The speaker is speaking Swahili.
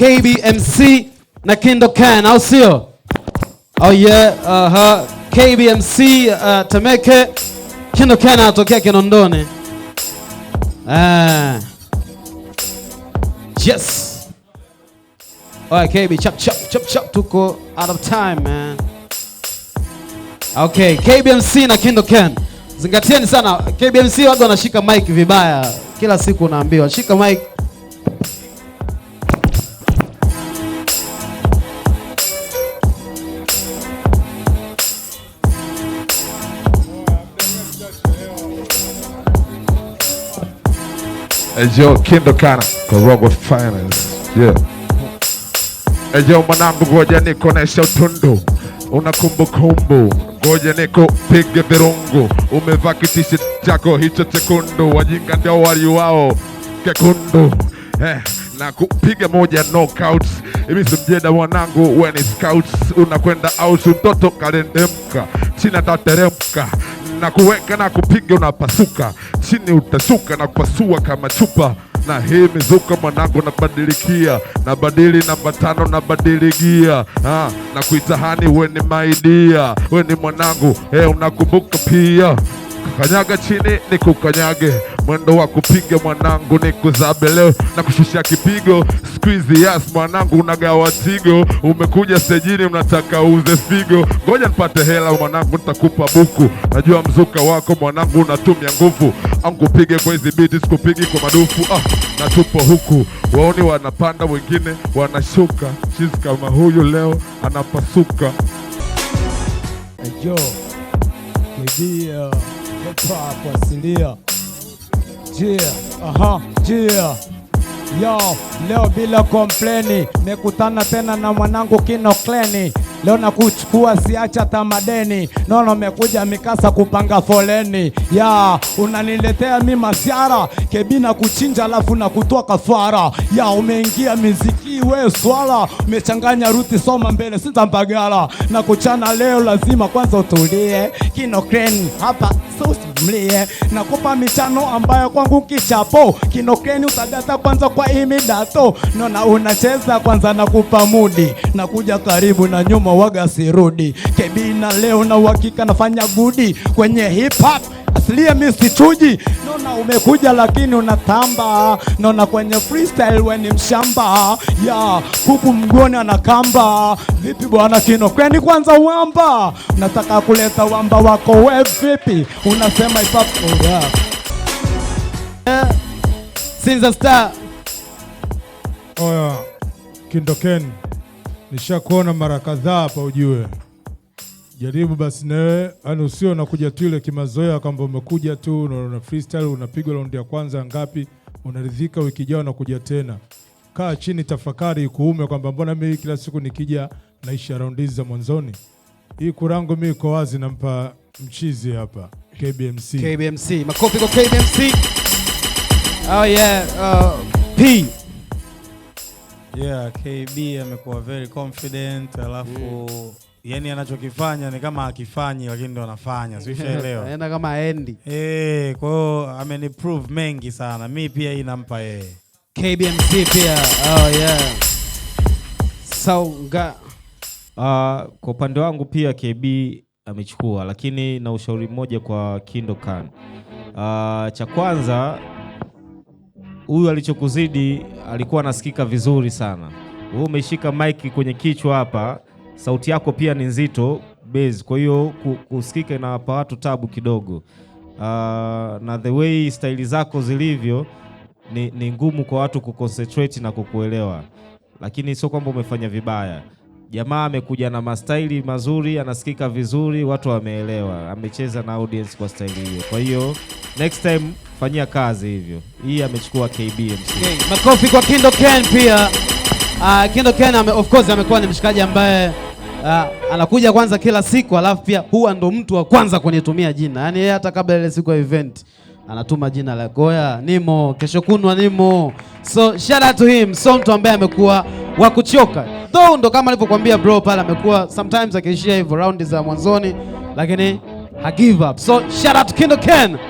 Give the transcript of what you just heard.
KBMC na Kendo Kindokan, au sio? Oh yeah, aha. KBMC uh, Temeke, Kindokan atokea Kinondoni. Ah. Yes. All right, KB, chop chop chop chap, tuko out of time man. Okay, KBMC na Kendo Kindokan. Zingatieni sana KBMC, watu wanashika mic vibaya. Kila siku unaambiwa shika mic Ejo kindo kana Korogo finals yeah. Ejo mwanangu, ngoja nikonesha utundu, una kumbukumbu, ngoja nikupige virungu. Umevaa kitishi chako hicho chekundu, wajinga ndio wali wao kekundu eh, na kupige moja knockouts Imi simjeda mwanangu, weni scouts unakwenda ausu, mtoto kalendemka china tateremka na kuweka na kupiga, unapasuka chini, utasuka na kupasua kama chupa na hii mizuka mwanangu, nabadilikia nabadili namba tano, nabadiligia ah, na kuitahani weni maidia weni mwanangu, eh, unakumbuka pia, kanyaga chini ni kukanyage mwendo wa kupiga mwanangu ni kuzabele na kushusha kipigo squeeze yes, mwanangu unagawa tigo umekuja sejini unataka uze figo ngoja nipate hela mwanangu nitakupa buku najua mzuka wako mwanangu unatumia nguvu ankupige kwa hizi biti sikupigi kwa madufu ah, na tupo huku waoni wanapanda wengine wanashuka chizi kama huyu leo anapasuka Yo, kibia, hip hop asilia yeah, aha, yeah. Yo, leo bila kompleni mekutana tena na mwanangu Kino Kleni. Leo nakuchukua siacha tamadeni, nono mekuja mikasa kupanga foleni ya yeah. Unaniletea mi masiara kebina kuchinja alafu na kutoa kafara ya yeah, umeingia miziki we swala umechanganya ruti, soma mbele, sitambagala na kuchana leo, lazima kwanza utulie. Kino hapa usimlie, nakupa michano ambayo kwangu kichapo. Kino Crane utadata kwanza kwa hii midato, nona unacheza kwanza, nakupa mudi, nakuja karibu na nyuma waga sirudi kebina, leo na uhakika nafanya gudi kwenye hip hop asilia, mimi sichuji. Naona umekuja lakini unatamba, naona kwenye freestyle we ni mshamba ya kuku mgoni anakamba. Vipi bwana Kino, kweni kwanza wamba, nataka kuleta wamba wako we, vipi unasema ipapo yeah. yeah. Sinza star oya Ken, nishakuona mara kadhaa hapa ujue. Jaribu basi nawe, yani usio unakuja tu ile kimazoea kwamba umekuja tu unaona freestyle unapigwa raundi ya kwanza ngapi, unaridhika, wiki ijayo unakuja tena. Kaa chini, tafakari ikuume kwamba mbona mimi kila siku nikija naisha raundi hizi za mwanzoni. Hii kurangu mimi iko wazi, nampa mchizi hapa KBMC. KBMC. Makofi kwa KBMC. Oh yeah, uh, P. Yeah, KB amekuwa very confident alafu yeah yani anachokifanya ni kama akifanyi, lakini ndo anafanya, siushaelewa anaenda kama endi eh. Kwa hiyo ameniprove mengi sana, mi pia nampa yeye KBMC pia. Oh yeah, saunga so, Uh, ah, kwa upande wangu pia KB amechukua, lakini na ushauri mmoja kwa Kindo Khan. Uh, cha kwanza huyu alichokuzidi alikuwa anasikika vizuri sana. Wewe umeshika mic kwenye kichwa hapa, sauti yako pia ni nzito bass, kwa hiyo kusikika inawapa watu tabu kidogo. Uh, na the way staili zako zilivyo ni, ni ngumu kwa watu kuconcentrate na kukuelewa, lakini sio kwamba umefanya vibaya. Jamaa amekuja na mastaili mazuri, anasikika vizuri, watu wameelewa, amecheza na audience kwa staili hiyo. Kwa hiyo next time fanyia kazi hivyo. Hii amechukua KBMC. Okay, makofi kwa Kindo Ken pia. Uh, Kindo Ken of course amekuwa ni mshikaji ambaye uh, anakuja kwanza kila siku, alafu pia huwa ndo mtu wa kwanza kunitumia jina, yaani yeye hata kabla ile siku ya event anatuma jina la Goya nimo kesho kunwa nimo. So shout out to him, so mtu ambaye amekuwa wa kuchoka though, ndo kama alivyokuambia bro pale, amekuwa sometimes akiishia hivyo raundi za mwanzoni, lakini ha give up. So shout out Kindo Ken.